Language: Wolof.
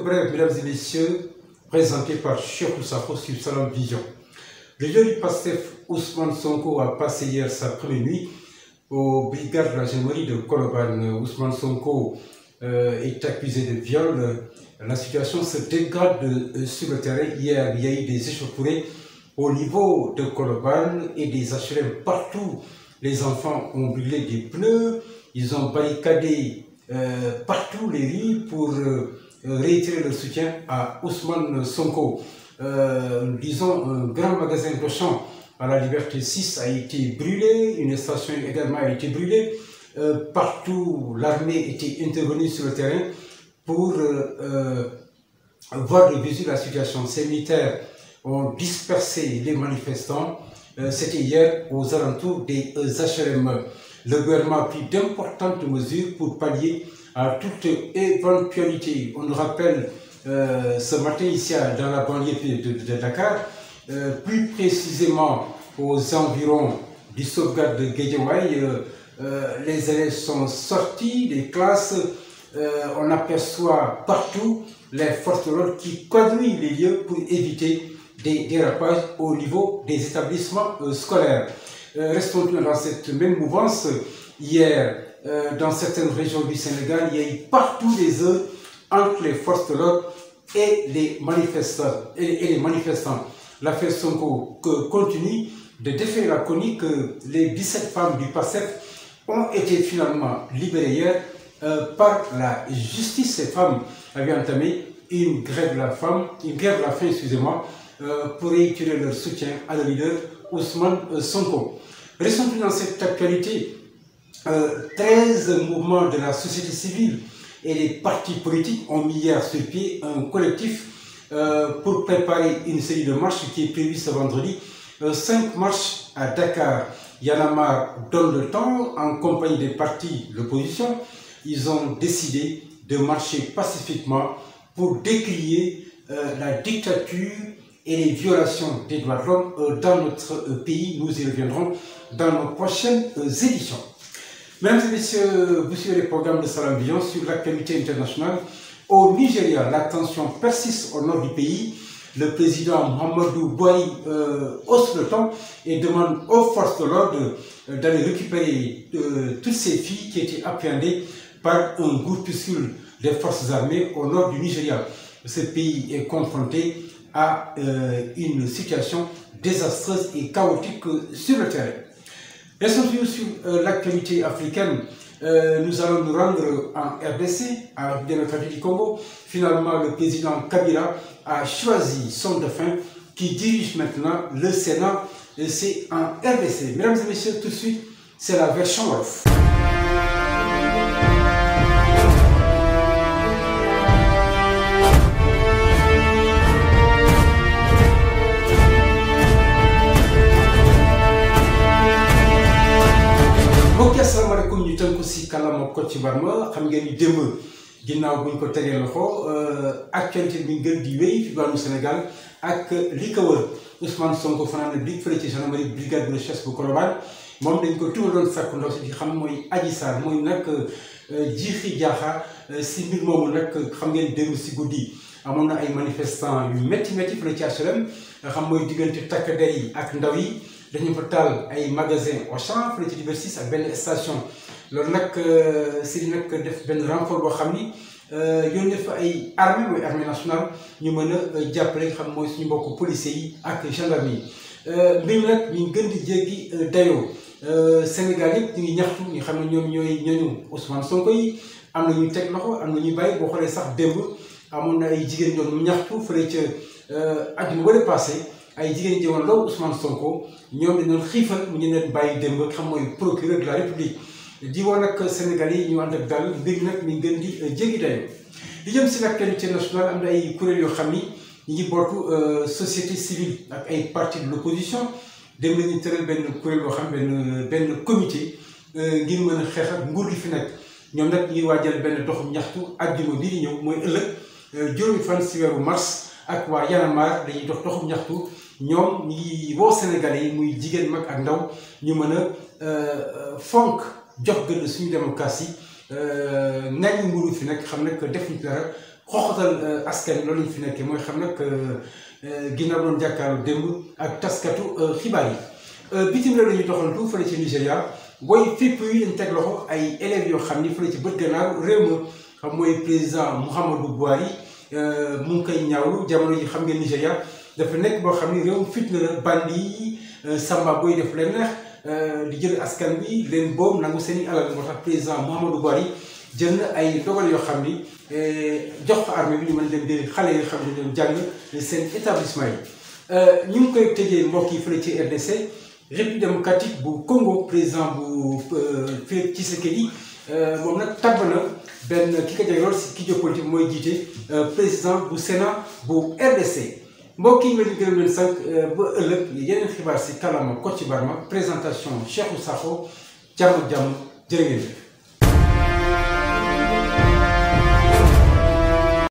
quelques brèves, mesdames et messieurs, présentées par Cheikh Sako sur Salam Vision. Le jeune Pastef Ousmane Sonko a passé hier sa première nuit aux brigades de la gendarmerie de Koloban. Ousmane Sonko euh, est accusé de viol. La situation se dégrade euh, sur le terrain. Hier, il y a eu des échauffourées au niveau de Koloban et des HLM partout. Les enfants ont brûlé des pneus, ils ont barricadé euh, partout les rues pour réitérer leur soutien à Ousmane Sonko. Euh, disons, un grand magasin Auchan à la Liberté 6 a été brûlé, une station également a été brûlée. Euh, partout, l'armée était intervenue sur le terrain pour euh, euh, voir de visu la situation. Ces militaires ont dispersé les manifestants. Euh, c'était hier aux alentours des HLM. Le gouvernement a pris d'importantes mesures pour pallier à toute éventualité. On nous rappelle euh, ce matin ici dans la banlieue de, de, de Dakar, euh, plus précisément aux environs du sauvegarde de Guédiawaye, euh, euh, les élèves sont sortis des classes, euh, on aperçoit partout les forces de l'ordre qui quadrillent les lieux pour éviter des dérapages au niveau des établissements scolaires. restons dans cette même mouvance. Hier, euh, dans certaines régions du Sénégal, il y a eu partout des œufs entre les forces de l'ordre et les manifestants. Et, et les continue de défaire la chronique que les 17 femmes du PASEF ont été finalement libérées hier euh, par la justice. Ces femmes avaient entamé une grève la femme, une grève de la euh, pour réitérer leur soutien à la leader Ousmane euh, Sonko. Restons dans cette actualité 13 euh, mouvements de la société civile et les partis politiques ont mis hier sur pied un collectif euh, pour préparer une série de marches qui est prévue ce vendredi. Euh, cinq marches à Dakar. Yanamar donne le temps en compagnie des partis de l'opposition. Ils ont décidé de marcher pacifiquement pour décrier la dictature et les violations des droits de l'homme dans notre pays. Nous y reviendrons dans nos prochaines éditions. Mesdames et messieurs, vous suivez le programme de Salam sur l'actualité internationale. Au Nigeria, la tension persiste au nord du pays. Le président Mohamedou Bouaï euh, hausse le ton et demande aux forces de l'ordre euh, d'aller récupérer euh, toutes ces filles qui étaient appréhendées par un groupuscule des forces armées au nord du Nigeria. Ce pays est confronté à euh, une situation désastreuse et chaotique sur le terrain. Bien sûr, sur euh, l'actualité africaine, euh, nous allons nous rendre en RDC, à la démocratie du Congo. Finalement, le président Kabila a choisi son dauphin qui dirige maintenant le Sénat. C'est en RDC. Mesdames et messieurs, tout de suite, c'est la version off. ko si kàllaama Kocc Barma xam ngeen ni démb ginnaaw buñ ko tegee loxo euh, actualité bi gën di wéy fi baanu Sénégal ak li ko wër Ousmane Sonko fanaan na dig fële ci gendarmerie brigade de chasse bu Colobane moom dañ ko tuuraloon fekk ndox si xam mooy Adji Sarr mooy nag euh, jiixi jaaxa euh, si mbir moomu nag xam ngeen démb si guddi amoon na ay manifestant yu métti métti fële a HLM xam mooy diggante takk der yi ak ndaw yi dañu fa taal ay magasin Auchan fële ci Liberté 6 ak benn station loolu nag euh, Syrie nag def benn renfort boo xam ni euh, yónnee fa ay armée mooy armée nationale ñu mën a euh, jàppale nga xam mooy suñu mbokku policiers yi ak gendarme yi mbir mi nag ñu gën di jéggi dayoo Sénégal yëpp ñu ngi ñaxtu ñu xam ne ñoom ñooy ñooñu Ousmane Sonko yi am na ñuy teg loxo am na ñuy bàyyi boo xoolee sax démb amoon na ay jigéen ñoom ñaxtu fële ca at mu war a passé ay jigéen jëwoon loolu Ousmane Sonko ñoom dañu doon xiifal mu ñu leen bàyyi démb xam mooy procureur de la République. di woon nag Sénégal yi ñu ànd ak dal mbir nag mi gën di euh, jéggi dayo di jëm si nag qualité ay kuréel yoo xam ni ñu ngi bootu euh, société civile ay parti de l'opposition dem nañu tëral benn kuréel yoo xam benn benn comité euh, ngir mën a xeex ak nguur ñoom nag ñu ngi waajal benn doxum ñaxtu àjjuma bii di mooy ëllëg juróomi fan si weeru mars ak waa Y en a marre dañuy dox doxum ñi ngi woo Sénégalais yi muy jigéen mag ak ndaw ñu mën a fonk jox gën suñu démocratie euh, nañu mburu fi nag xam nag defuñ dara xoxatal euh, askan loolu ñu fi nekkee mooy xam nag euh, ginnaaw doon jàkkaaru démb ak taskatu xibaar yi bitim réew la ñu doxantu fële ci Nigéria woy fépp ay élèves yoo xam ni fële ci bët gannaaw réew ma xam mooy président Muhammadu Buhari mu ngi koy ñaawlu jamono ji xam ngeen Nigéria dafa nekk boo xam ni réewum fitna la bandi yi samba booy def leen neex Euh, di jël askan bi leen boom nangu seen i alal moo tax président Mouhamadou Bari jël na ay dogal yoo xam ni eh, jox ko armée bi ñu mën leen di xale yoo xam ne ñoom jàng seen établissement yi. Euh, ñu ngi koy tëjee mbokk yi fële ci RDC république démocratique bu Congo président bu euh, Félix Tshisekedi moom nag tàbb na benn ki ko jege lool si ki jóg politique mooy jiite président bu Sénat bu RDC. mbokk yi ma di gërëm leen sant euh, ba ëllëg yeneen xibaar si kàllaama Kocc Barma présentation Cheikhou Sakho jàmm jàmm jërë ngeen jëf